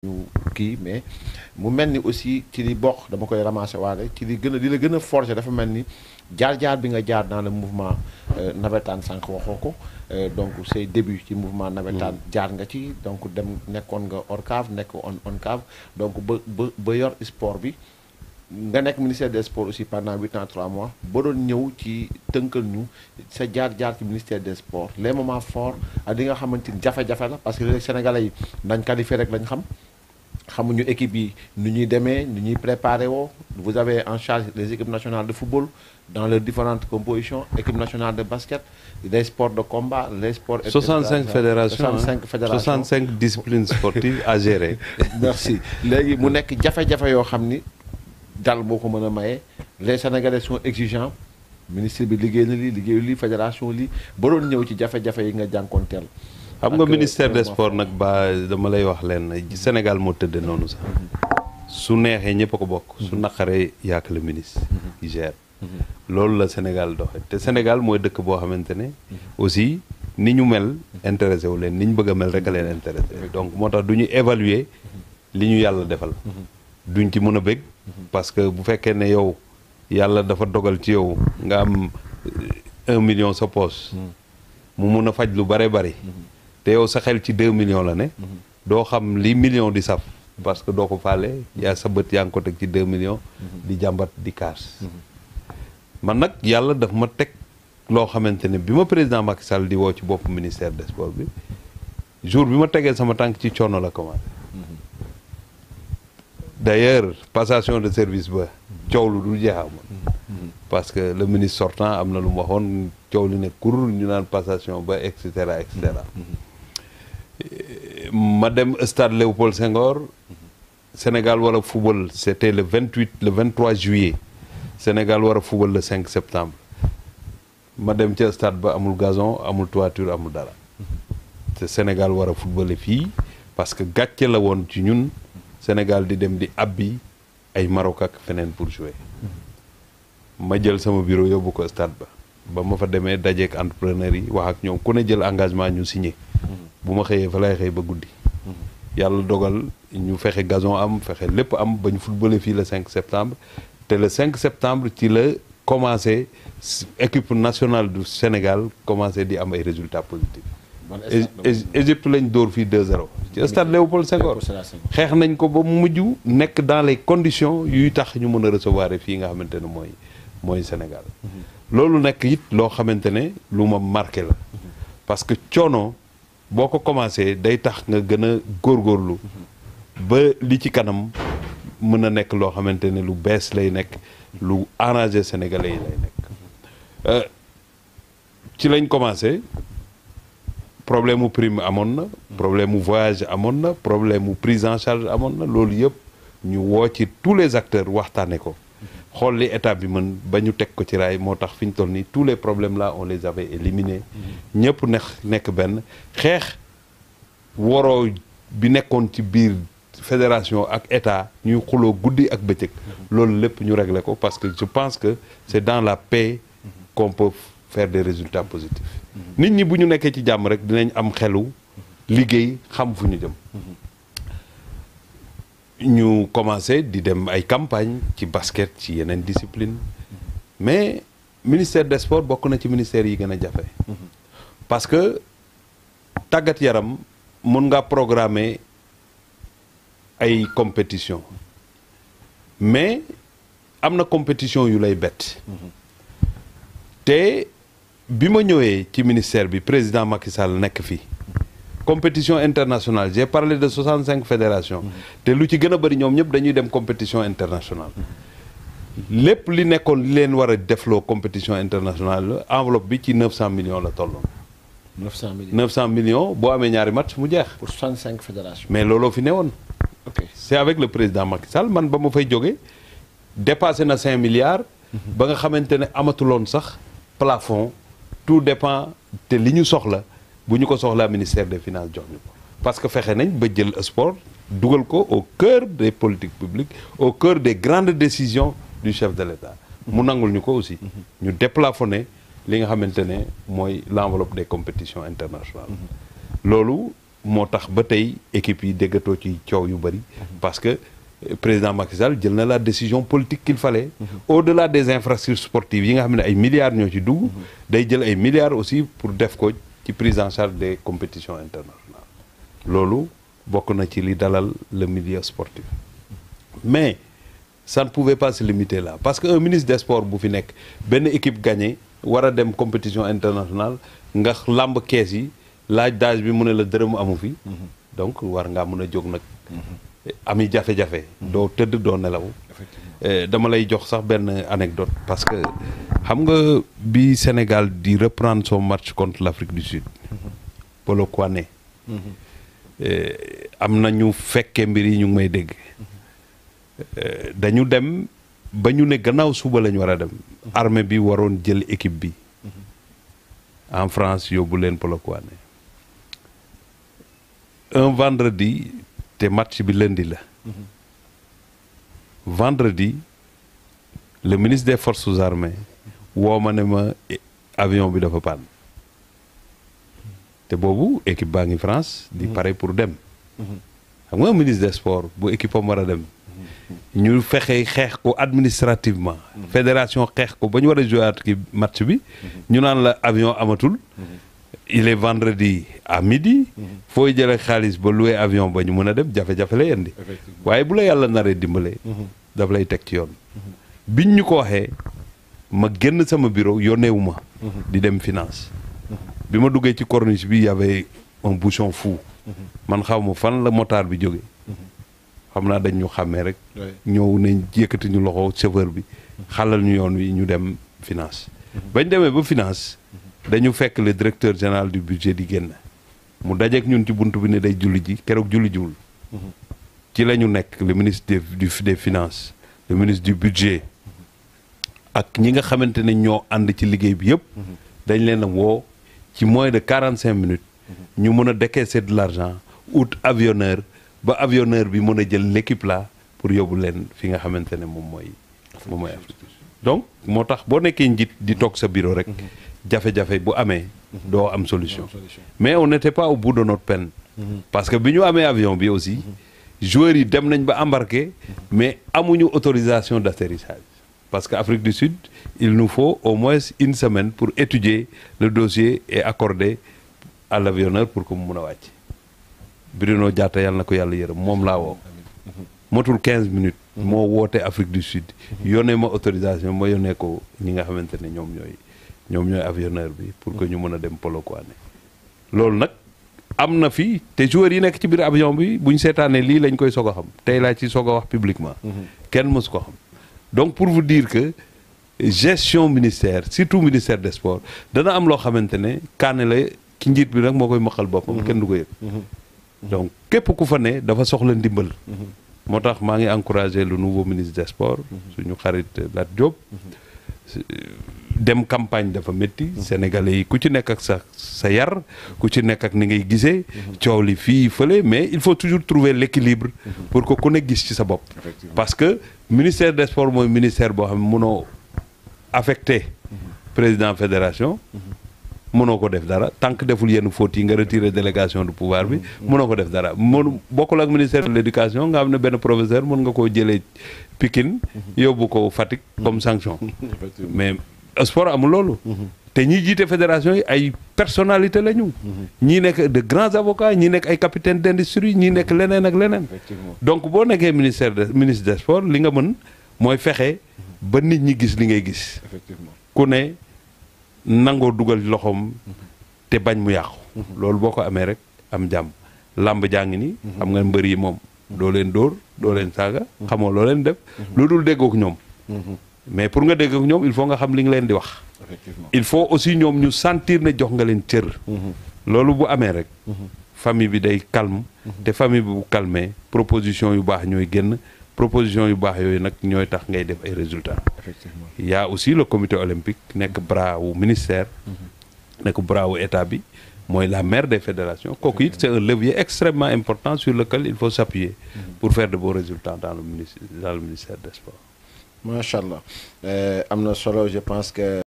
ñu kii mais mu mel ni aussi ci li bokk dama koy ramasser waale ci li gën a li forcer dafa mel ni jaar-jaar bi nga jaar dans le mouvement euh, nawetaan sànq waxoo ko euh, donc say début ci mouvement nawetaan mm. jaar nga ci donc dem nekkoon nga ORCAV nekk on ONCAV donc ba ba ba yor sport bi nga nekk ministère des sports aussi pendant huit ans trois mois ba doon ñëw ci tënkal ñu sa jaar-jaar ci ministère des sports les moments forts nga la parce que sénégalais yi nañ rek lañ xam Nous, équipe nous nous ñuy nous nu ñuy vous avez en charge les équipes nationales de football dans leurs différentes compositions équipe nationale de basket les sports de combat les sports. 65 fédérations 65 hein. fédérations 65 disciplines sportives à gérer. merci Les mu nekk jafe-jafe yoo dal les sénégalais sont exigeants ministre bi liggéey na lii liggéeyu lii fédération lii ba ñëw ci yi nga xam nga ministère des sports nag ba dama lay wax leen Sénégal moo tëdd noonu sax su neexee ñëpp a ko bokk su naqaree yàq la ministre yi mhm. mhm. loolu la Sénégal doxe te Sénégal mooy dëkk boo xamante ne aussi ni ñu mel intéressé wu leen ni ñu bëgg a mel rek a leen intéressé mhm. donc moo tax du ñu évaluer li ñu yàlla defal duñ ci mën a bëgg parce que bu fekkee ne yow yàlla dafa dogal ci yow nga am euh, un million sa poche mu mun a faj lu bare bari te yow sa xel ci deux millions la ne mhm. doo xam li million di saf parce que doo ko faale yaa sa bët yaa ngi ko teg ci deux millions mhm. di jàmbat di kaas mhm. man nag yàlla daf ma teg loo xamante ne bi ma président Macky Sall di woo ci bopp ministère des sports bi jour bi ma tegee sama tànk ci coono la commencé d'ailleurs passation de service ba coow lu dul jeex amoon que le ministre sortant am na lu mu waxoon coow li ne kur ñu naan passation ba et cetera et Madame dem stade Léopold Senghor Sénégal war football c'était le 28 le 23 juillet Sénégal war football le 5 septembre Madame, dem stade ba amul gazon amul toiture amul dara C'est Sénégal war football les filles, parce que gàcce la won ci ñun Sénégal di dem di abbi ay Maroc le feneen pour jouer ma jël sama bureau yóbbu ko stade ba ma fa dajé ak entrepreneur yi wax ak ñom ku né jël engagement ñu signé. bu ma xeyé fa lay nous ba goudi yalla dogal ñu fexé gazon am fexé lépp am bañ footballé fi le 5 septembre té le 5 septembre ci le commencé équipe nationale du Sénégal commencé di am ay résultats positifs. Égypte lañ door fi 2-0. ci stade Léopold Senghor c'est nañ ko ba muju dans les conditions yu tax ñu mëna recevoir fi nga xamante moy mooy Sénégal. Mhm loolu nekk it loo xamante ne lu ma marqué la parce que coono boo ko commencé day tax nga gën a góorgóorlu ba li ci kanam mën a nekk loo xamante ne lu bees lay nekk lu arrangé sénégalais yi lay nekk euh, ci lañ commencé problème ou prime amoon problème ou voyage amoon problème ou prise en charge amoon na loolu yëpp ñu woo ci tous les acteurs waxtaane ko xool li état bi mën ba ñu ko ci tous les problèmes là on les avait éliminés ñëpp nex nek ben. xeex waroo bi nekkoon ci biir fédération ak état ñuy xuloo guddi ak bëcëk loolu lépp ñu régler ko parce que je pense que c'est dans la paix qu'on peut faire des résultats positifs nit ñi bu ñu nekkee ci jàmm rek dinañ am xelu liggéey xam fu ñu jëm nous commencé à faire ay campagne ci basket ci yeneen discipline mais ministère des sports est na ci ministère yi gën a fait. parce que Tagat yaram mën nga programmé des compétition mais am compétition yu lay Et, te je qui ci ministère le président Macky Sall nekk compétition internationale j'ai parlé de 65 fédérations. te lu ci est a bëri ñëpp compétition internationale. les plus nekkoon li leen war compétition internationale enveloppe est de 900 millions 900 millions 900 millions ñaari match pour 65 fédérations. mais lolo fi newoon. ok c'est avec le président Macky Sall man ba ma fay jógee dépassé 5 milliards. Mhm. ba nga xamante ne sax plafond tout dépend De li soxla. Nous ñu ko ministère des finances jox parce que fexe nañ ba jël sport au cœur des politiques publiques au cœur des grandes décisions du chef de l'État mu nangul aussi ñu déplafonné li nga l'enveloppe des compétitions internationales lolo mon tax équipe yi déggatoo parce que président Macky Sall jël la décision politique qu'il fallait au-delà des infrastructures sportives il nga xam des ay milliards ñoo ci milliards aussi pour def ko prise en charge des compétitions internationales Lolo, beaucoup le milieu sportif mais ça ne pouvait pas se limiter là parce que un ministre des sports bu une équipe gagnée war a dem compétition internationale nga làmb kees yi d'âge il bi a une la dërëm fi mhm. donc war ngaa mën a jóg nag mhm. ami jafe-jafe mhm. doo tëdd doo nelaw eh, dama lay jox sax anecdote parce que Hamgo bi Sénégal di reprendre son match contre l'Afrique du Sud Polo Koné eh, am na ñu fekkee mbir yi ñu may dégg eh, dañu dem ba ñu ne gannaaw suba lañ wara dem armée bi waron jël équipe bi en France yóbbu len Polo Koné un vendredi té match bi lundi la vendredi le ministre des forces armées woo ma eh, avion bi dafa panne te bobu équipe bangi France di mhm. pare pour dem mhm. xam nga ministre des sports bu équipe am a dem mhm. ñu fexé xex ko administrativement fédération xex ko ba wara jouer ki match bi ñu nan la avion amatul il est vendredi à midi foy jële xaliss ba louer avion ba mëna dem jafé jafe lay indi waaye bu la yalla naree dimbalé daf lay teg ci yoon biñ ñu ko waxé ma génn sama bureau yónneewu di dem finance. bima duggé ci corniche bi y avait un bouchon fou. man xaw fan la motard bi jóge xamna naa dañ ñu xàmmee rek. ñew nañ jékati ñu loxo chauffeur bi. xalal ñu yoon wi ñu dem finance. bañ demee ba finance. dañu fekk le directeur général du budget di génn. mu ak ñun ci buntu bi né day julli ji kérok julli jiwul. Mhm. ci lañu nekk le ministre des des finances le ministre du budget ak ñi nga ñoo qui ci bi mhm. dañ leen moins de 45 minutes mhm. ñu mëna de l'argent out avionneur ba avionneur bi mëna jël l'équipe pour leen fi nga donc di bureau rek mhm. bu mais on n'était pas au bout de notre peine parce que avion bi aussi joueurs yi dem nañ mais amuñu autorisation d'atterrissage parce qu'Afrique du Sud, il nous faut au moins une semaine pour étudier le dossier et accorder à l'avionneur pour que nous mën a wàcc. Bruno Diatta yàlla na ko yàlla yërëm moom laa woo. motul 15 minutes. moo woote Afrique du Sud. yónnee ma autorisation moi yónnee ko ñi nga xamante ne ñoom ñooy ñoom avionneur bi. pour que ñu mën a dem Polokwane. loolu am na fi té joueur yi nek ci biir avion bi bu sétané li lañ koy soog xam tey la ci soog wax publiquement. Mhm. kenn mësu ko xam donc pour vous dire que gestion ministère surtout ministère des sports dana am lo xamantene ne ki njiit bi nag moo koy bopam mhm. ken du ko mhm. Mhm. donc kep ku fa ne dafa soxla ndimbal Motax ma ngi encourager le nouveau ministre des sports suñu xarit la Diop dem campagne dafa metti sénégalais yi ku ci nek ak sa sa yar ku ci nek ak ni ngay gisé mais il faut toujours trouver l'équilibre pour que ku ne gis ci sa parce que ministère des sports moy ministère bo xam mëno affecté président fédération mëno ko def dara tant que deful yenn fautes yi nga retirer délégation du pouvoir bi mëno ko def dara beaucoup ak ministère de l'éducation nga de ne benn professeur mën nga koo jëlee Pikine yobou ko fatik comme sanction mais sport amul loolu. Mhm. te ñiy jiite fédération yi ay personnalité la ñu. Mhm. ñii nekk de grands avocats ñii nekk ay capitaine d' industrie ñii nekk mhm. leneen ak leneen. donc boo nekkee ministère de ministre des sports li nga mën mooy fexe ba nit ñi gis li ngay gis. effectivement ku ne nangoo dugal loxoom te bañ mu yàqu. loolu boo ko amee rek am jàmm làmb jaa ngi ni. xam nga mbër yi moom. doo leen dóor doo leen saaga. xamoo loo leen def. lu dul déggook ñoom. mais pour nga dégg ak ñom il faut nga xam li nga leen di wax. effectivement il faut aussi ñom ñu sentir né jox nga leen cër. Mhm. lolu bu amé rek. Mhm. famille bi day calme. Mhm. té famille bi bu calmee proposition yu bax ñoy génn proposition yu bax yoy nak ñoy tax ngay def ay résultats. effectivement il y a aussi le comité olympique nek bras ministère. nek bras wu état bi. la mère des fédérations c'est un levier extrêmement important sur lequel il faut s'appuyer pour faire de bons résultats dans le ministère dans le ministère des sports macha allah %e euh, am na solo je :fra pense :fra que :fra